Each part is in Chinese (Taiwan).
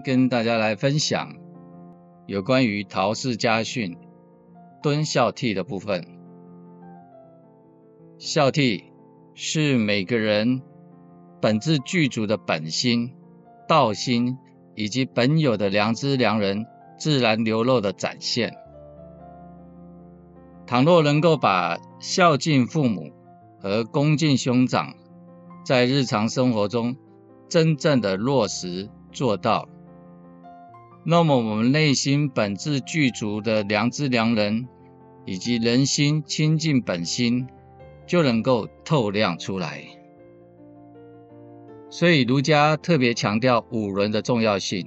跟大家來分享有關於《陶氏家訓》敦孝悌，的部分。孝悌是每個人本自具足的本心、道心以及本有的良知良能自然流露的展現。倘若能夠把孝敬父母和恭敬兄長，在日常生活中真正的落實做到。那麼，我們內心本自具足的良知良能，以及仁心清淨本心，就能夠透亮出來。所以，儒家特別強調五倫的重要性，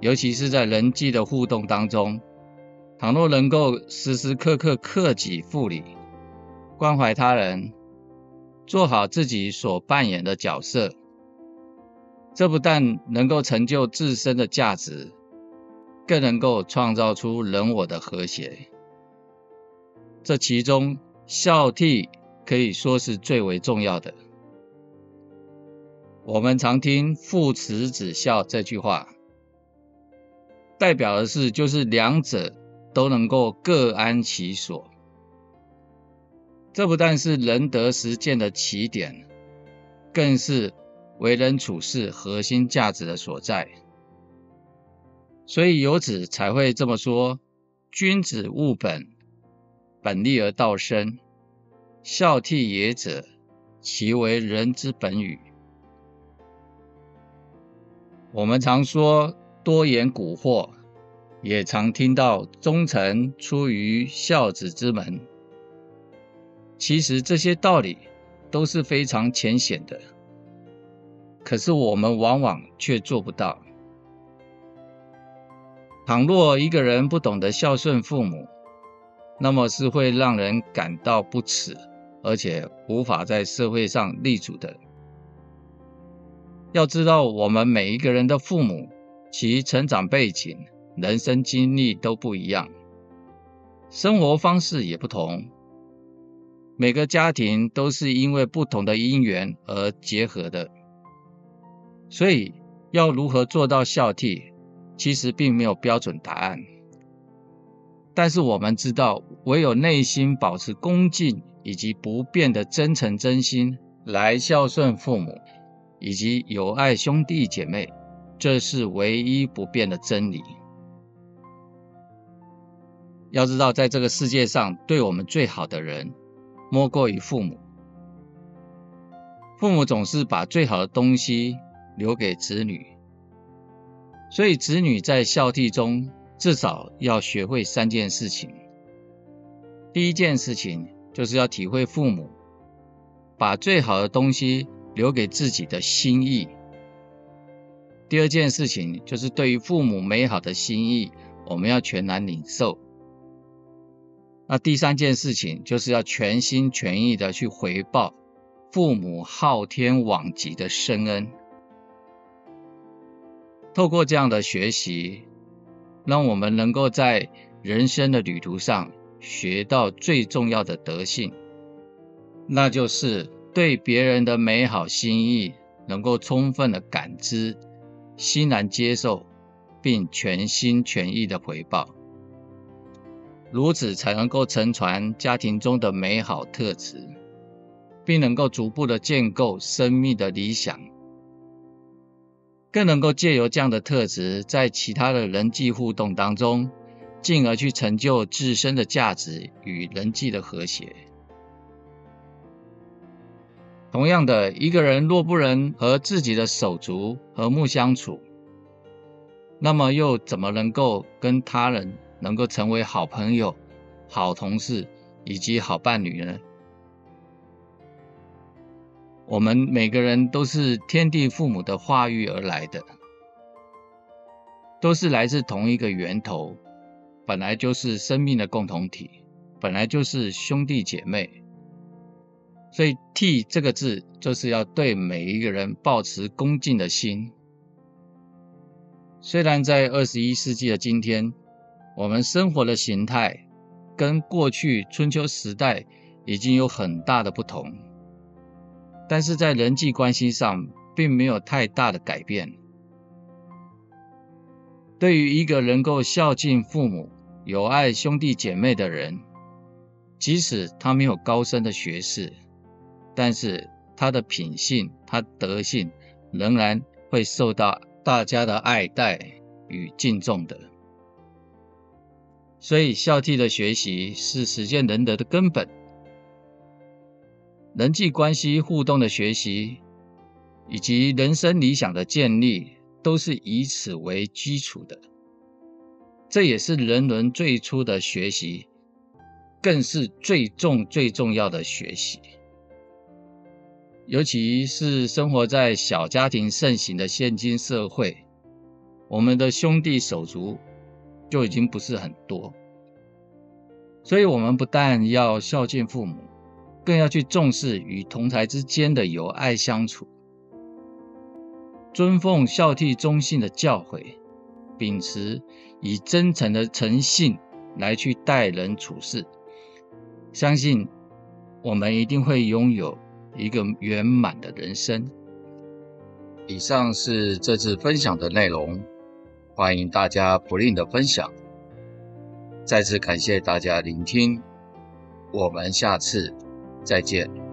尤其是在人際的互動當中，倘若能夠時時刻刻克己復禮，關懷他人，做好自己所扮演的角色。這不但能夠成就自身的價值，更能夠創造出人我的和諧。這其中孝悌可以說是最為重要的。我們常聽“父慈子孝”這句話，代表的是就是兩者都能夠各安其所。這不但是仁德實踐的起點，更是為人處事核心價值的所在，所以有子才會這麼說：“君子務本，本立而道生。孝悌也者，其為人之本與。”我們常說多言蠱惑，也常聽到忠臣出於孝子之門。其實這些道理都是非常淺顯的。可是我們往往卻做不到。倘若一個人不懂得孝順父母，那麼是會讓人感到不恥，而且無法在社會上立足的。要知道，我們每一個人的父母，其成長背景、人生經歷都不一樣，生活方式也不同。每個家庭都是因為不同的因緣而結合的。所以，要如何做到孝悌，其實並沒有標準答案。但是我們知道，唯有內心保持恭敬以及不變的真誠真心來孝順父母，以及友愛兄弟姐妹，這是唯一不變的真理。要知道，在這個世界上，對我們最好的人，莫過於父母。父母總是把最好的東西，留給子女，所以子女在孝悌中至少要學會三件事情。第一件事情就是要體會父母把最好的東西留給自己的心意。第二件事情就是對於父母美好的心意，我們要全然領受。那第三件事情就是要全心全意的去回報父母昊天罔極的深恩。透過這樣的學習，讓我們能夠在人生的旅途上學到最重要的德性，那就是對別人的美好心意能夠充分的感知、欣然接受，並全心全意的回報。如此才能夠承傳家庭中的美好特質，並能夠逐步的建構生命的理想。更能夠借由這樣的特質，在其他的人際互動當中，進而去成就自身的價值與人際的和諧。同樣的，一個人若不能和自己的手足和睦相處，那麼又怎麼能夠跟他人能夠成為好朋友、好同事以及好伴侶呢？我們每個人都是天地父母的化育而來的，都是來自同一個源頭，本來就是生命的共同體，本來就是兄弟姐妹。所以“悌”這個字就是要對每一個人抱持恭敬的心。雖然在二十一世紀的今天，我們生活的形態跟過去春秋時代已經有很大的不同。但是在人際關係上，並沒有太大的改變。對於一個能夠孝敬父母、友愛兄弟姐妹的人，即使他沒有高深的學識，但是他的品性、他德性，仍然會受到大家的愛戴與敬重的。所以，孝悌的學習是實踐仁德的根本。人際關係互動的學習，以及人生理想的建立，都是以此為基礎的。這也是人倫最初的學習，更是最重最重要的學習。尤其是生活在小家庭盛行的現今社會，我們的兄弟手足就已經不是很多，所以我們不但要孝敬父母。更要去重視與同儕之間的友愛相處，尊奉孝悌忠信的教誨，秉持以真誠的誠信來去待人處事，相信我們一定會擁有一個圓滿的人生。以上是這次分享的內容，歡迎大家不吝的分享。再次感謝大家聆聽，我們下次，再見。